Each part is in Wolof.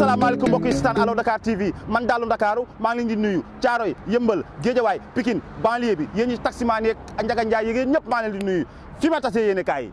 salaamaaleykum mbokk yi alo Allo Dakar TV man Daalu Ndakaaru maa ngi di nuyu Caaroy Yëmbal Géejawaay Pikine banlieue bi yéen ñi taximaan yeeg Njaga Njaay yi yéen ñëpp maa leen di nuyu fi ma tasee yéen kaay yi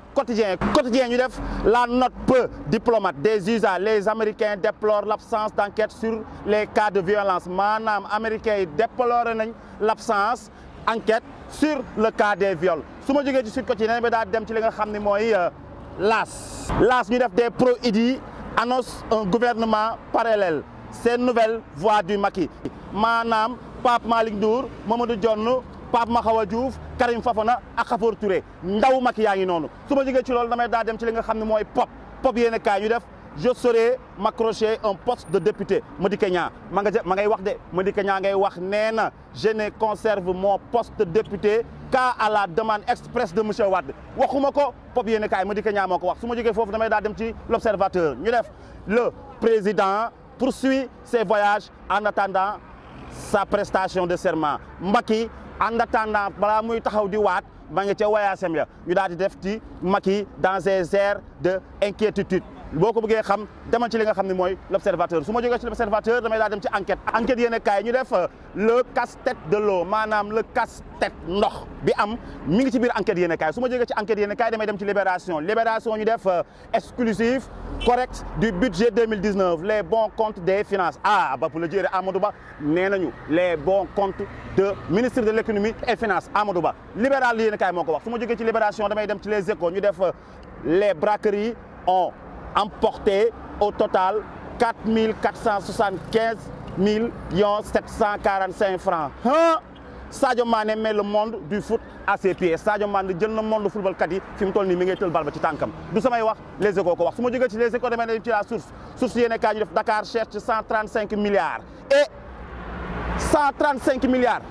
quotidien quotidien nous def la note peu diplomate des USA les américains déplorent l'absence d'enquête sur les cas de violence Manam américains déplorent l'absence d'enquête sur le cas des viols vous ma jógee ci Sud Quotidien bi vous dem ci que je xam euh, las las nous def des pro idi annonce un gouvernement parallèle c'est une nouvelle voie du maquis Manam Pape Malik Ndour Mamadou Dione Pape Mahawa Diouf Karim Fafana ak Khafor Touré ndaw Macky yaangi nonou. Suma jige ci lolou damay da dem ci li nga xamni moy pop pop yene kay ñu def je serai m'accrocher un poste de député Madické Niang ma nga ma ngay wax de Madické Niang ngay wax nee je ne conserve mon poste de député qu'à la demande expresse de monsieur Wade Waxumako pop yene kay Madické Niang Kenya, ko wax Suma jige fofu damay da dem ci l'observateur ñu def le président poursuit ses voyages en attendant sa prestation de serment Macky en attendant balaa muy taxaw di waat ma nga ca wayaasem ya ñu daal di def ci Macky dans des airs de inquiétude boko ko xam demal ci li nga xamni moy l'observateur suma joggé ci l'observateur damay daa dem ci enquête enquête yene kay ñu def euh, le casse-tête de l'eau manam le casse-tête ndox bi am mi ngi ci biir enquête yene kay suma joggé ci enquête yene kay damay dem ci libération libération ñu def euh, exclusif correct du budget 2019 les bons comptes des finances ah ba pour le dire Amadou Ba nee les bons comptes de ministre de l'économie et finances Amadou Ba libéral yene kay moko wax suma joggé ci libération damay dem ci les échos ñu def euh, les braqueries ont emporté au total 4 475 745 francs. Hein? Sadio Mané met le monde du foot à ses pieds Sadio Mané jël na monde football kat yi fi toll ni mi ngay teul bal ba ci tankam. du samay wax les échos ko wax Suma ma ci les échos ci la source source yene ka ñu Dakar cherche 135 milliards et 135 milliards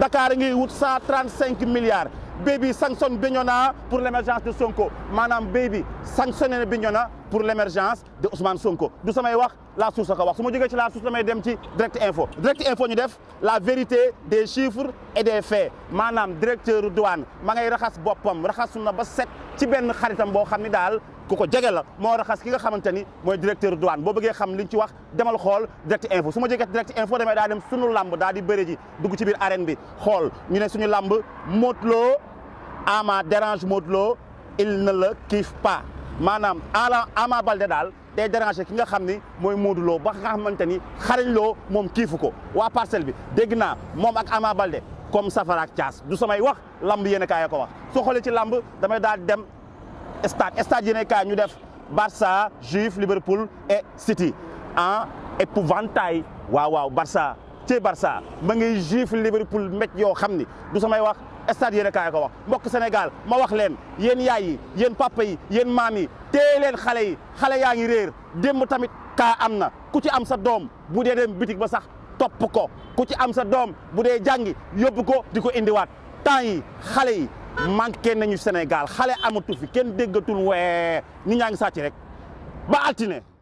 Dakar a ngi 135 milliards Baby sanctionne Bignona pour l'émergence de Sonko Madame Baby sanctionne Bignona pour l'émergence de Ousmane Sonko du samay wax la source ko wax suma ma ci la source damay dem ci direct info direct info ñu def la vérité des chiffres et des faits Manam directeur douane ma ngay raxas bopam raxasuna ba set ci ben xaritam bo xamni dal daal ku ko jege la moo raxas ki nga xamanteni moy directeur douane bo bëggee xam li ci wax demal xol direct info Suma ma direct info demay da dem suñu lamb da di bëri ji dugg ci biir arène bi xol ñu né suñu lamb motlo Ama dérange motlo il ne le kiffe pas manam ala Ama balde dal day déranger ki nga xamni ni mooy Modou Lo ba nga xamante xarañ loo kifuko, kiifu ko parcelle bi dégg naa ak Ama Baldé comme safara ak tias du samay wax lamb yene a ko wax so xolé ci lamb damay dal dem stade stade yene kay ñu def Barça Juif Liverpool et City en ah, épouvantail waaw waaw Barça ci Barça ma Juif Liverpool mec yo xamni du samay wax. stade yéen a kaay ko wax mbokk Sénégal ma wax leen yéen yaay yi yéen papa yi yéen maam yi téye leen xale yi xale yaa ngi réer démb tamit kaa am na ku ci am sa doom bu dee dem bitig ba sax topp ko ku ci am sa doom bu dee jàngi yóbbu ko di ko indiwaat temps yi xale yi manqué nañu Sénégal xale amatu fi kenn déggatul wee ñu ñaa ngi sàcc rek ba altine